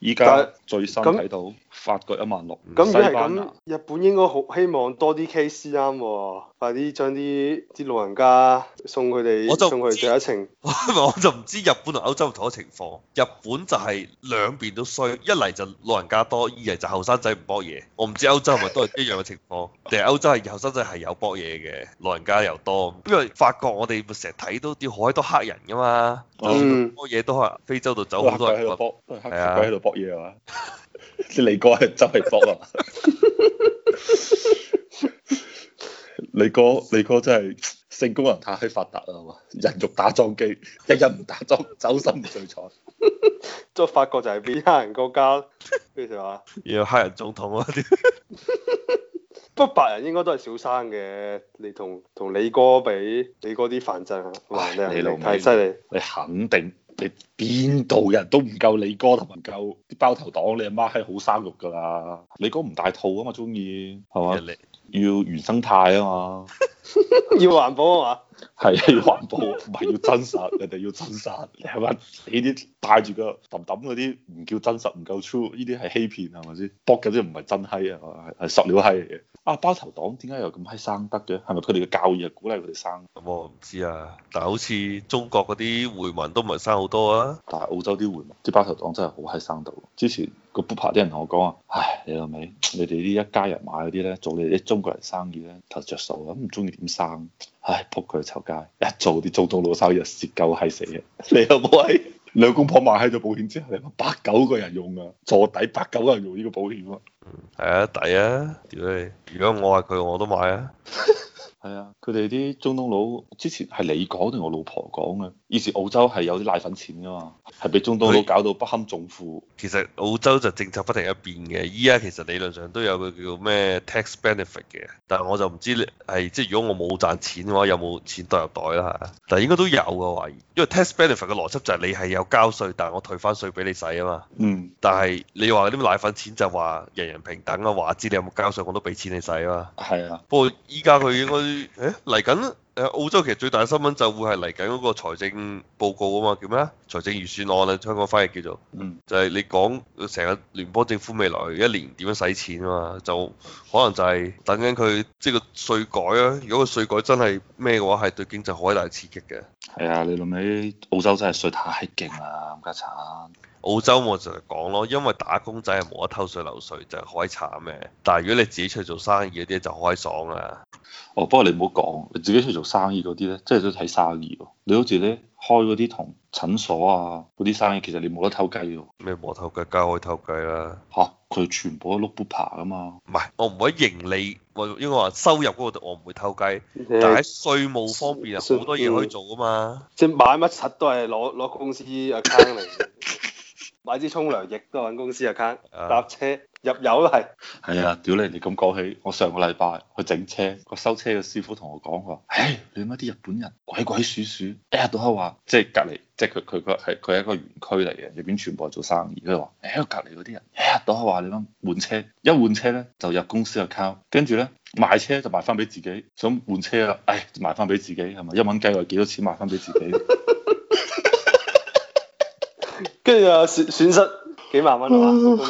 依家最新睇到但法國一萬六，西班牙日本應該好希望多啲 case 啱喎。快啲將啲啲老人家送佢哋，送佢哋最後一程。我就唔知，就知日本同歐洲唔同嘅情況。日本就係兩邊都衰，一嚟就老人家多，二嚟就後生仔唔搏嘢。我唔知歐洲係咪都係一樣嘅情況，定係歐洲係後生仔係有搏嘢嘅，老人家又多。因為法國我哋咪成日睇到啲海都黑人噶嘛，好、哦嗯、多嘢都係非洲度走好多人。係是啊，黑鬼喺度搏，黑鬼喺度搏嘢啊！啲李哥喺周圍搏啊！你哥，你哥真係性功能太閪發達啦，哇！人肉打樁機，一日唔打樁，走心最聚財。再發覺就係變黑人國家，譬如話，要黑人總統啊 不過白人應該都係小生嘅，你同同你哥比李哥，你哥啲繁殖係哇，你太你太犀利，你肯定你邊度人都唔夠你哥，同埋夠啲包頭黨，你阿媽係好生肉噶啦。你哥唔帶套啊嘛，中意係嘛？吧要原生態啊嘛 要，要環保啊嘛，係啊要環保，唔係要真實，人哋要真實，你係咪？你啲戴住個揼揼嗰啲唔叫真實，唔夠粗。呢啲係欺騙係咪先？博嘅啲唔係真閪啊，係係實料閪嘅。啊包頭黨點解又咁閪生得嘅？係咪佢哋嘅教義鼓勵佢哋生？咁我唔知啊，但係好似中國嗰啲回民都唔係生好多啊，但係澳洲啲回民啲包頭黨真係好閪生到，之前。個 book 牌，啲人同我講啊，唉，你老味，你哋呢一家人買嗰啲咧，做你哋啲中國人生意咧，頭着數啊，咁唔中意點生，唉，扑佢臭街，一做啲做到老生意蝕鳩閪死啊！你老唔係兩公婆買喺咗保險之後，你話八九個人用啊，坐底八九個人用呢個保險啊，嗯，係啊，抵啊，如果如果我係佢，我都買啊。 係啊，佢哋啲中東佬之前係你講定我老婆講嘅，以前澳洲係有啲奶粉錢噶嘛，係俾中東佬搞到不堪重負。其實澳洲就政策不停有變嘅，依家其實理論上都有個叫咩 tax benefit 嘅，但係我就唔知係即係如果我冇賺錢嘅話，有冇錢袋入袋啦？但係應該都有嘅懷疑，因為 tax benefit 嘅邏輯就係你係有交稅，但係我退翻稅俾你使啊嘛。嗯。但係你話啲奶粉錢就話人人平等啊，話知你有冇交稅我都俾錢你使啊嘛。係啊。不過依家佢應該。 誒，嚟緊誒，澳洲其實最大新聞就會係嚟緊嗰個財政報告啊嘛，叫咩啊，財政預算案啊，香港翻譯叫做，嗯，就係你講成日聯邦政府未來一年點樣使錢啊嘛，就可能就係等緊佢即係個稅改啊，如果個稅改真係咩嘅話，係對經濟好大刺激嘅。係啊、哎，你諗起澳洲真係稅太勁啦，啊，咁鬼慘。澳洲我就係講咯，因為打工仔係冇得偷稅漏稅，就開，是，慘嘅。但係如果你自己出去做生意嗰啲咧，就開爽啦。哦，不過你唔好講，你自己出去做生意嗰啲咧，即係都睇生意喎。你好似咧開嗰啲同診所啊嗰啲生意，其實你冇得偷雞喎。咩冇偷雞？梗係可以偷雞啦。嚇！佢全部都 look up 啊嘛，唔係我唔會盈利，我應該話收入嗰度我唔會偷雞。但係喺稅務方面啊好便多嘢可以做啊嘛，即係買乜柒都係攞攞公司 account 嚟。 買支沖涼液都係揾公司 account，搭車入油都係。係啊，屌你！你咁講起，我上個禮拜去整車，個收車嘅師傅同我講話，唉、哎，你乜啲日本人鬼鬼祟祟，哎呀，一日到黑話，即係隔離，即係佢佢個佢係一個園區嚟嘅，入邊全部係做生意。佢話，唉、哎，隔離嗰啲人一日到黑話你諗換車，一換車呢，就入公司 account，跟住呢，賣車就賣翻俾自己，想換車啦，唉、哎、賣翻俾自己係咪一蚊雞或幾多錢賣翻俾自己？ 跟住啊，損失幾萬蚊啊嘛？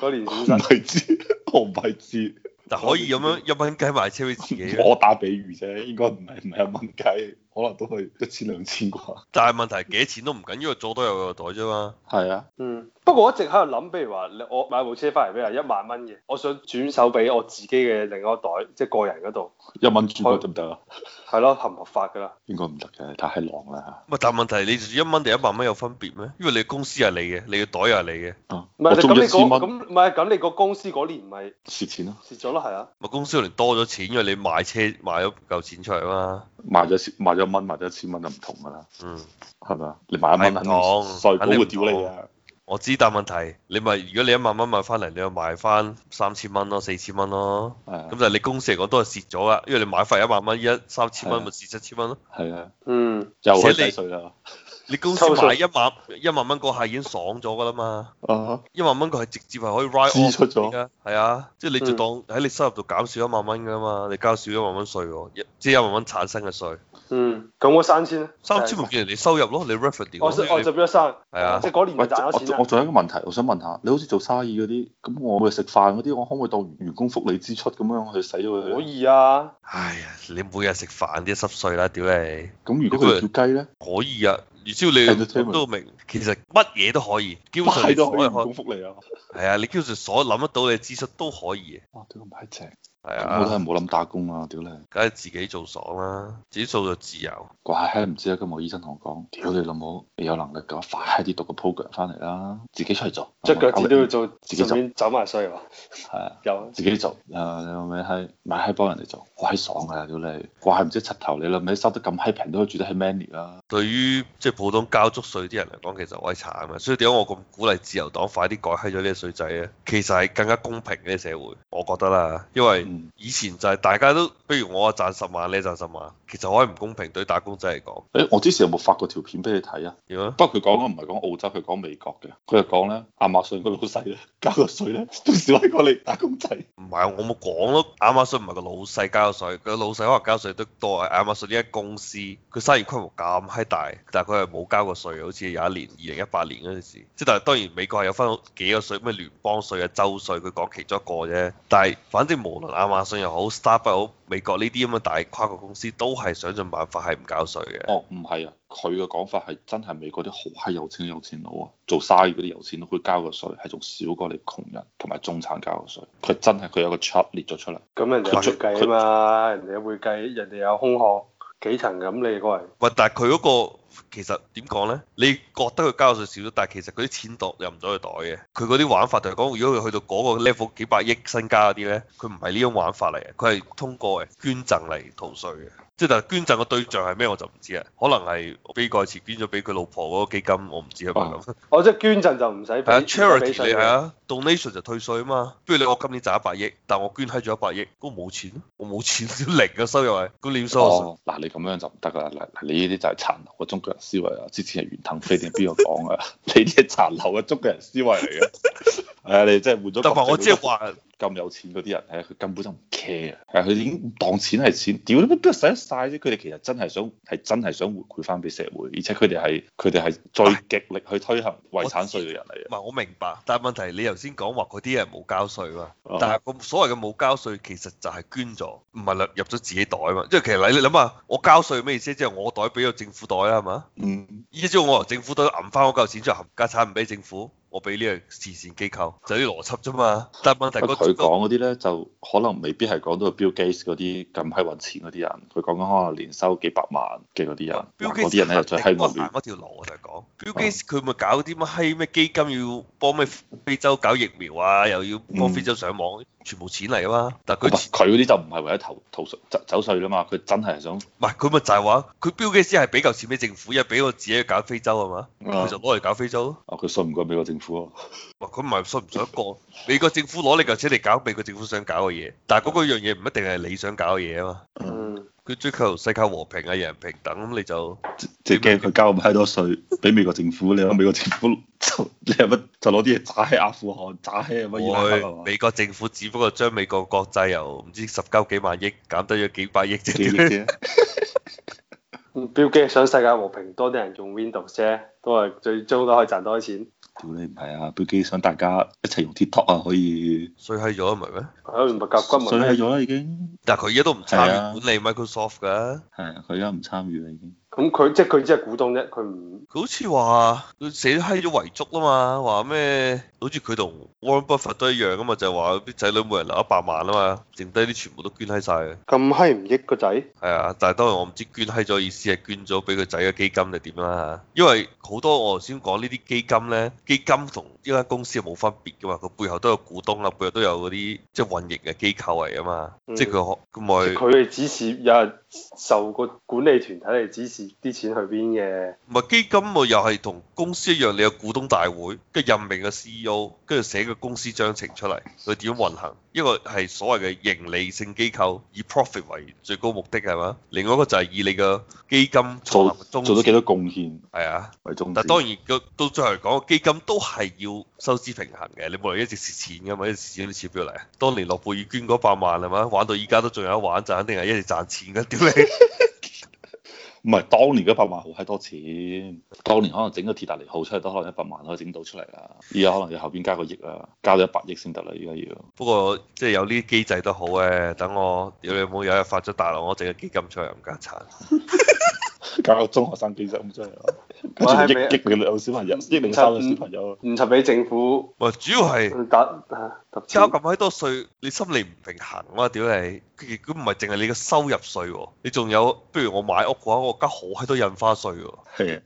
嗰 年損失唔係知，我唔係知， 但可以咁樣。一蚊雞買車俾自己。我， 我打比喻啫，應該唔係唔係一蚊雞。可能都係一千兩千啩，但係 問題幾多錢都唔緊要，因為做多有個袋啫嘛。係啊，嗯，不過我一直喺度諗，譬如話我買部車翻嚟俾人一萬蚊嘅，我想轉手俾我自己嘅另一個袋，即係個人嗰度，一蚊轉得唔得啊？係咯、 啊，合唔合法噶啦？應該唔得嘅，但狼啦吓。喂，但係問題你一蚊定一萬蚊有分別咩？因為你公司係你嘅，你嘅袋又係你嘅。咁你個元公司嗰年唔係蝕錢咯？蝕咗咯，係啊。咪、啊、公司嗰年多咗錢，因為你買車買咗嚿錢出嚟啊嘛，賣咗賣咗。一蚊或者一千蚊就唔同噶啦，嗯，係咪啊？你買一蚊，香港衰佬會屌你啊！我知，但問題你咪，如果你一萬蚊買翻嚟，你又賣翻三千蚊咯，四千蚊咯，係啊，咁就係你公司嚟講都係蝕咗啊，因為你買翻一萬蚊，一三千蚊咪蝕七千蚊咯，係啊，嗯，又可以洗稅啦。你公司買一萬一萬蚊個客已經爽咗噶啦嘛，一萬蚊佢係直接係可以 write 支出咗，係啊，即係你就當喺你收入度減少一萬蚊噶嘛，你交少一萬蚊稅，即係一萬蚊產生嘅稅。嗯，咁我三千三千唔見人哋收入咯，你 refer 點？我我做咗生，係啊，即係嗰年賺咗錢。我仲有一個問題，我想問下，你好似做生意嗰啲，咁我食飯嗰啲，我可唔可以當員工福利支出咁樣去使咗佢？可以啊。哎呀，你每日食飯啲濕碎啦，屌你。咁如果佢叫雞咧？可以啊。如朝你對都明，其實乜嘢都可以，基本上你可都可以揾工福利啊。係啊，你基本上所諗得到嘅知識都可以嘅。哇、哦，屌咁閪正，係啊，啊我都係冇諗打工啊，屌你、啊，梗係自己做爽啦、啊，自己做就自由。怪閪唔知啊，今日醫生同我講，屌你老母，你有能力嘅快啲讀個 program 翻嚟啦，自己出去做，即係腳趾都要做，自己做，走埋衰喎。係啊，有、啊、自己做，然、啊、後你咪係咪係幫人哋做，乖爽啊，屌、啊啊、你，怪唔知柒頭你啦，咪收得咁閪平都可以住得起 money 啊。對於即普通交足稅啲人嚟講，其實我閪慘啊！所以點解我咁鼓勵自由黨快啲改閪咗呢個稅制咧？其實係更加公平嘅社會，我覺得啦。因為以前就係大家都譬如我啊賺十萬你賺十萬，其實好閪唔公平對打工仔嚟講。誒、欸，我之前有冇發過條片俾你睇啊？點啊嗎？不過佢講嘅唔係講澳洲，佢講美國嘅。佢就講咧，亞馬遜個老細咧交個稅咧，都少過你打工仔。唔係，我冇講咯。亞馬遜唔係個老細交個稅，佢個老細可能交稅都多。亞馬遜呢間公司佢生意規模咁閪大，但係佢。佢冇交過稅好似有一年二零一八年嗰陣時，即係當然美國係有分幾個稅，咩聯邦稅啊、州稅，佢講其中一個啫。但係反正無論亞馬遜又好、Starbucks 又好，美國呢啲咁嘅大跨國公司，都係想盡辦法係唔交稅嘅。哦，唔係啊，佢嘅講法係真係美國啲好閪有錢嘅有錢佬啊，做生意嗰啲有錢佬佢交嘅稅係仲少過你窮人同埋中產交嘅稅。佢真係佢有個 chart 列咗出嚟，咁人哋會計啊嘛，人哋會計，人哋有空殼。幾層咁你過嚟喂？但係佢嗰個其實點講咧？你覺得佢交稅少咗，但係其實佢啲錢度入唔到去袋嘅。佢嗰啲玩法就係、是、講，如果佢去到嗰個 level 幾百億身家嗰啲咧，佢唔係呢種玩法嚟嘅，佢係通過捐贈嚟逃稅嘅。即係捐贈嘅對象係咩我就唔知啊，可能係俾蓋茨捐咗俾佢老婆嗰基金，我唔知啊嘛咁。哦，即係捐贈就唔使俾。charity 你係啊，donation 就退稅啊嘛。不如你我今年賺一百億，但我捐閪咗一百億，我冇錢我冇錢，零嘅收入係，咁你要收我稅？嗱，你咁樣就唔得啦，嗱，你呢啲就係殘留嘅中國人思維啊，之前係袁騰飛定係邊個講啊？你啲係殘留嘅中國人思維嚟嘅，係啊，你真係換咗。唔係，我即係話。咁有錢嗰啲人係，佢根本就唔 care，係佢已經當錢係錢，屌都都使晒啫。佢哋其實真係想係真係想回饋翻俾社會，而且佢哋係佢哋係最極力去推行遺產稅嘅人嚟嘅。唔係、哎、我，我明白，但係問題你頭先講話嗰啲人冇交稅㗎，啊、但係個所謂嘅冇交稅其實就係捐咗，唔係入咗自己袋嘛。即係其實你諗下，我交稅咩意思？即係我袋俾咗政府袋啦，係嘛？嗯，依家之後我由政府袋揞翻嗰嚿錢出嚟，冚家產唔俾政府。我俾呢個慈善機構，就啲邏輯啫嘛。但問題佢講嗰啲咧，就可能未必係講到 Bill Gates 嗰啲咁閪搵錢嗰啲人。佢講緊可能年收幾百萬嘅嗰啲人，嗰啲、嗯、人咧就你說 最閪無聊。嗰條路我就係講，嗯、Bill Gates，佢咪搞啲乜閪咩基金要幫咩非洲搞疫苗啊，又要幫非洲上網。嗯全部錢嚟啊嘛！嗱佢佢嗰啲就唔係為咗逃逃稅走走稅啦嘛，佢真係想唔係佢咪就係話佢標記師係比較似俾政府，而係俾我自己搞非洲啊嘛，佢就攞嚟搞非洲。哦，佢信唔過美國政府咯、啊？佢唔係信唔信一美國政府攞你嚿錢嚟搞美國政府想搞嘅嘢， 但係嗰個樣嘢唔一定係你想搞嘅嘢啊嘛。佢、嗯、追求世界和平啊，人平等咁、啊、你就即係驚佢交咁閪多稅俾美， 美國政府，你話美國政府你係乜？就攞啲嘢炸喺阿富汗，炸起喺乜嘢？美國政府只不過將美國國債由唔知十膠幾萬億減低咗幾百億啫。標機 想世界和平，多啲人用 Windows 啫，都係最終都可以賺多啲錢。屌你唔係啊，標機想大家一齊用 TikTok 啊，可以衰氣咗唔係咩？係用甲骨文，衰氣咗啦已經。但係佢而家都唔參與管理 Microsoft 噶、啊。係佢而家唔參與啦已經。咁佢即係佢即係股東啫，佢唔佢好似話佢寫閪咗遺囑啊嘛，話咩？好似佢同 Warren Buffett 都一樣啊嘛，就係話啲仔女每人留一百萬啊嘛，剩低啲全部都捐閪晒。咁閪唔益個仔。係啊，但係當然我唔知捐閪咗意思係捐咗俾個仔嘅基金定點啦。因為好多我先講呢啲基金咧，基金同呢間公司冇分別噶嘛，佢背後都有股東啦，背後都有嗰啲即係運營嘅機構嚟啊嘛。嗯、即係佢可咁咪。佢係只是有。受個管理團體嚟指示啲錢去邊嘅，唔係基金咪又係同公司一樣，你有股東大會，跟住任命嘅 CEO，跟住寫個公司章程出嚟，佢點運行？一個係所謂嘅營利性機構，以 profit 為最高目的係嘛？另外一個就係以你個基金做做咗幾多貢獻，係啊，為中。但係當然到最後嚟講，基金都係要收支平衡嘅，你冇理由一直蝕錢噶嘛，一直蝕咗啲鈔票嚟。當年諾貝爾捐嗰百萬，係嘛，玩到依家都仲有得玩，就肯定係一直賺錢噶。唔 係，當年一百萬好閪多錢，當年可能整個鐵達尼號出嚟都可能一百萬可以整到出嚟啦。而家可能要後邊加個億啊，加咗一百億先得啦，而家要。不過即係有呢啲機制都好嘅，等我你有，有有冇有日發咗大浪，我整個基金出嚟唔間產，加 搞個中學生基金出嚟。激激 接著是有億億嚟有小朋友，億零三個小朋友，唔俾政府。哇！主要係打嚇交咁閪多稅，你心裏唔平衡啊！屌你，佢如果唔係淨係你嘅收入稅啊，你仲有不如我買屋嘅話，我交好閪多印花稅喎。係。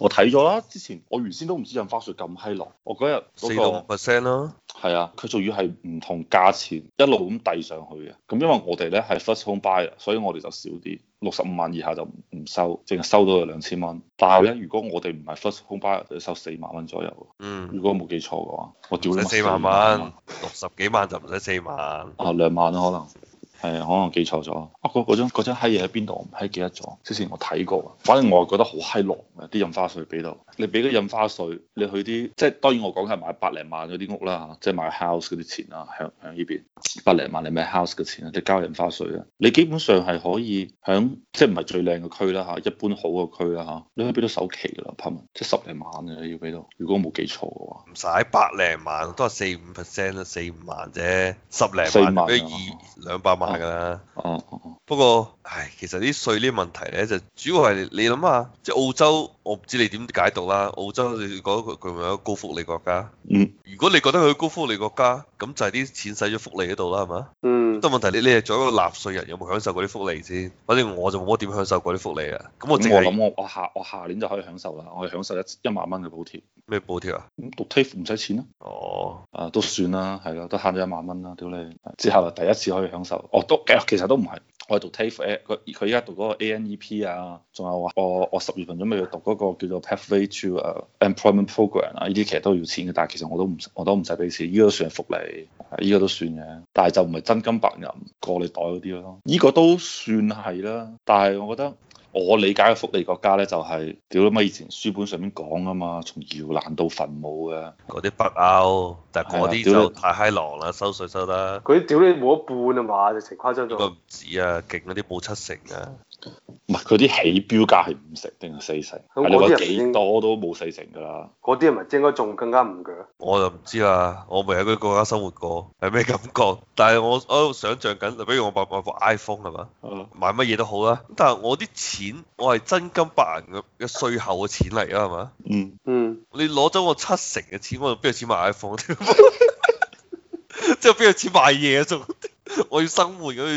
我睇咗啦，之前我原先都唔知印花稅咁閪落。我嗰日四個 percent 啦，係啊，佢仲要係唔同價錢一路咁遞上去嘅，咁因為我哋咧係 first home buyer，所以我哋就少啲，六十五萬以下就唔收，淨係收到嘅兩千蚊，但係咧如果我哋唔係 first home buyer，就要收四萬蚊左右，嗯，如果我冇、嗯、記錯嘅話，我調咗四萬蚊，六十幾萬就唔使四萬，啊兩萬咯可能。係啊，可能我記錯咗啊！嗰嗰張嗰閪嘢喺邊度？我唔係記得咗。之前我睇過，反正我係覺得好閪狼嘅啲印花稅俾到。你俾咗印花稅，你去啲即係當然我講係買百零萬嗰啲屋啦嚇，即係買 house 嗰啲錢啊，響響依邊百零萬係咪 house 嘅錢啊？你、即係、交印花稅啊？你基本上係可以響即係唔係最靚嘅區啦嚇，一般好嘅區啦嚇，你去邊度首期㗎啦？潘文即係十零萬嘅要俾到。如果我冇記錯嘅話，唔使百零萬，都係四五 percent 啦，四五萬啫，十零萬俾二兩百萬。係噶啦，嗯嗯嗯、不過唉，其實啲稅呢啲問題咧，就主要係你諗下，即係澳洲。我唔知你點解讀啦。澳洲你講佢佢咪有高福利國家？嗯。如果你覺得佢高福利國家，咁就係啲錢使咗福利嗰度啦，係嘛？嗯。但係問題你你係做一個納稅人，有冇享受過啲福利先？反正我就冇乜點享受過啲福利啊。咁我諗、嗯、我我，我下我下年就可以享受啦。我係享受一一萬蚊嘅補貼。咩補貼啊？咁讀 TAFE 唔使錢啊？哦。啊，都算啦，係咯，都慳咗一萬蚊啦，屌你！之後第一次可以享受，哦都、哦、其實都唔係，我係讀 TAFE，佢而家讀嗰、e 嗰個 ANEP 啊，仲有話我我十月份準備去讀嗰，個叫做 pathway to 誒 employment program 啊，呢啲其實都要錢嘅，但係其實我都唔我都唔使俾錢，呢、這個算福利，呢、這個都算嘅，但係就唔係真金白銀過你袋嗰啲咯，呢、這個都算係啦。但係我覺得我理解嘅福利國家咧，就係、是、屌乜以前書本上面講啊嘛，從搖籃到墳墓嘅嗰啲北歐，out，但係嗰啲就太嗨囉啦，的收稅收得，嗰啲屌你冇一半啊嘛，直情誇張咗，唔止啊，勁啲冇七成啊。唔係佢啲起標價係五成定係四成，我諗幾多都冇四成噶啦。嗰啲人咪應該仲更加唔鋸。我就唔知啦，我未喺嗰個國家生活過，係咩感覺？但係我我想象緊，就比如我買買部 iPhone 係嘛，買乜嘢、嗯、都好啦。但係我啲錢，我係真金白銀嘅稅後嘅錢嚟啊，係嘛？嗯嗯，你攞咗我七成嘅錢，我邊度錢買 iPhone？即係邊度錢買嘢做？ 我要生活，我要要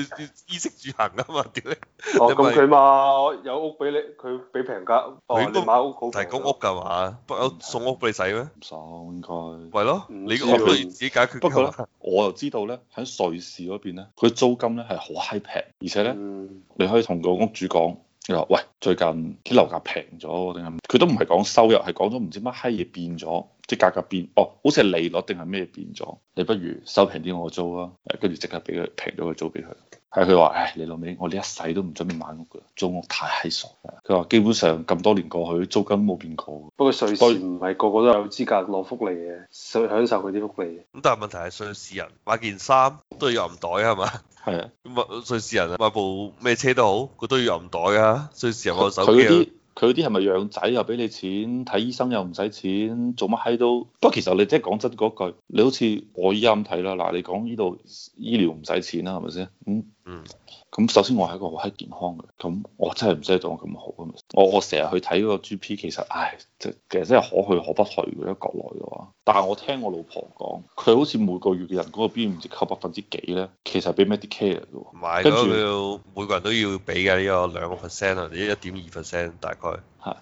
衣食住行啊嘛！屌、哦、你，你，哦咁佢也嘛，有屋俾你，佢俾平價，佢應該買屋好，係公屋噶嘛？不過有送屋俾你使咩？唔送，應該。咪咯，你我可以自己解決佢咯。我又知道咧，喺瑞士嗰邊咧，佢租金咧係好閪平，而且咧，嗯、你可以同個屋主講。佢話喂，最近啲樓價平咗，定係咩？佢都唔係講收入，係講咗唔知乜閪嘢變咗，即係價格變，哦，好似係利率定係咩變咗？你不如收平啲我租啊，跟住即刻俾佢平咗佢租俾佢。係佢話，唉，你老味，我哋一世都唔準備買屋噶，租屋太閪傻。佢話基本上咁多年過去，租金冇變過。不過瑞士唔係個個都有資格攞福利嘅，想享受佢啲福利。咁但係問題係瑞士人買件衫都要銀袋係嘛？係啊。咁啊，瑞士人買部咩車都好，佢都要銀袋啊。瑞士人買手機啊。佢啲佢啲係咪養仔又俾你錢，睇醫生又唔使錢，做乜喺度？不過其實你即係講真嗰句，你好似我依家咁睇啦，嗱，你講呢度醫療唔使錢啦，係咪先？咁、嗯嗯，咁首先我係一個好閪健康嘅，咁我真係唔使對我咁好啊，我我成日去睇嗰個 GP，其實唉，即其實真係可去可不去嘅，喺國內嘅話。但係我聽我老婆講，佢好似每個月嘅人工入邊唔知扣百分之幾咧，其實係俾 Medicare 嚟嘅。唔跟住著要每個人都要俾嘅呢個兩個 percent 啊，即一點二 percent 大概。係、啊。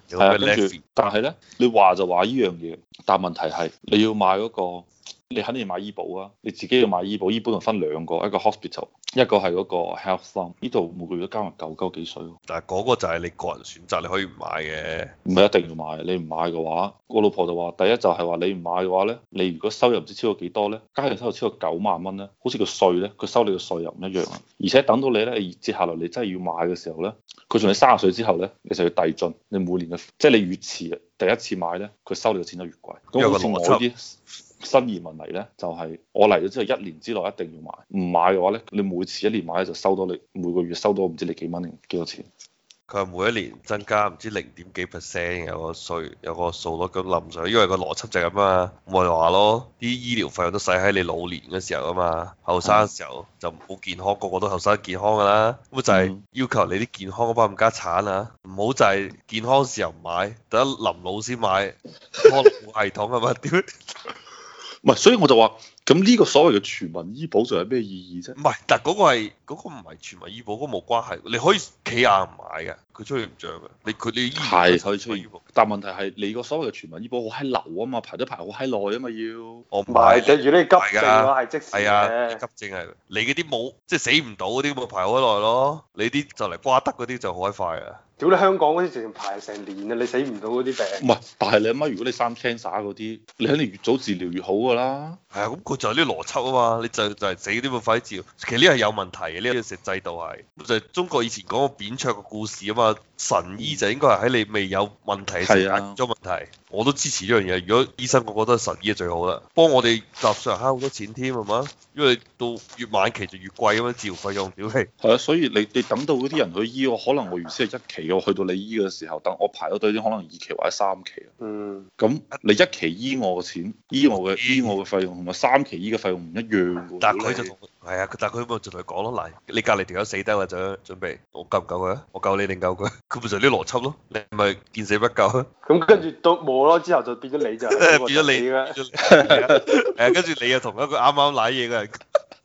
但係咧，你話就話呢樣嘢，但係問題係你要買嗰、那個。你肯定要買醫保啊！你自己要買醫保，醫保就分兩個，一個 hospital，一個係嗰個 health fund。呢度每個月都交埋嚿嚿幾水。但係嗰個就係你個人選擇，你可以唔買嘅。唔係一定要買，你唔買嘅話，我老婆就話，第一就係話你唔買嘅話咧，你如果收入唔知超過幾多咧，家庭收入超過九萬蚊咧，好似個稅咧，佢收你個稅又唔一樣。而且等到你咧，接下來你真係要買嘅時候咧，佢從你三十歲之後咧，你就要遞進，你每年嘅，即係你越遲，第一次買咧，佢收你嘅錢就越貴。咁有個邏輯。新移民嚟咧，就係、是、我嚟咗之後一年之內一定要買，唔買嘅話咧，你每次一年買咧就收到你每個月收到唔知你幾蚊定幾多錢。佢係每一年增加唔知零點幾 percent，有個稅有個數攞咁臨上，因為個邏輯就係咁啊，唔係話咯，啲醫療費用都使喺你老年嘅時候啊嘛，後生嘅時候就唔好健康，的個個都後生健康噶啦，咁就係要求你啲健康嗰班咁加產啊，唔好、嗯、就係健康時候唔買，等臨老先買，我系統係咪點？ 唔係，所以我就話，咁呢個所謂嘅全民醫保仲有咩意義啫？唔係，但嗰個係嗰、嗰個唔係全民醫保，嗰冇關係。你可以企硬唔買嘅，佢出現唔漲嘅，你佢你依然可以出現。但問題係你個所謂嘅全民醫保好閪流啊嘛，排得排好閪耐啊嘛要。我唔係對住呢急症，係即時嘅急症係。你嗰啲冇即係死唔到嗰啲咁啊，排好耐咯。你啲就嚟瓜得嗰啲就好閪快啊。屌你香港嗰啲成排成年啊，你死唔到嗰啲病。唔係。但係你阿媽，如果你生 cancer 嗰啲，你肯定越早治療越好噶啦。係啊、哎，咁佢就係啲邏輯啊嘛，你就是、就係、是、死嗰啲咪快啲治療。其實呢個係有問題嘅，呢、這個制度係就係、是、中國以前講個扁鵲嘅故事啊嘛。神醫就應該係喺你未有問題嘅時候發現咗問題，是啊、我都支持呢樣嘢。如果醫生個個都係神醫，就最好啦。幫我哋集上慳好多錢添，係咪？因為到越晚期就越貴咁樣，治療費用屌氣。係啊，所以你你等到嗰啲人去醫，我可能我原先係一期，我去到你醫嘅時候，等我排咗隊，可能二期或者三期。嗯。咁你一期醫我嘅錢，醫我嘅、嗯、醫我嘅費用，同埋三期醫嘅費用唔一樣喎。但係佢就同、是。係啊，但佢咁啊，就同佢講咯，嗱，你隔籬條友死得或者準備，我救唔救佢？我救你定救佢？佢咪就啲邏輯咯，你咪見死不救。咁跟住到冇咯，之後就變咗你就變咗你啦。誒，跟住你又同一個啱啱瀨嘢嘅人，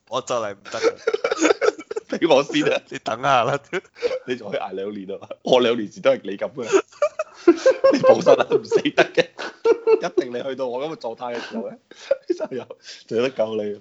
我就嚟唔得，俾我先啊！你等下啦，你仲可以挨兩年啊？我兩年時都係你救嘅，你放心啦，唔死得嘅，一定你去到我咁嘅狀態嘅時候咧，就有仲有得救你。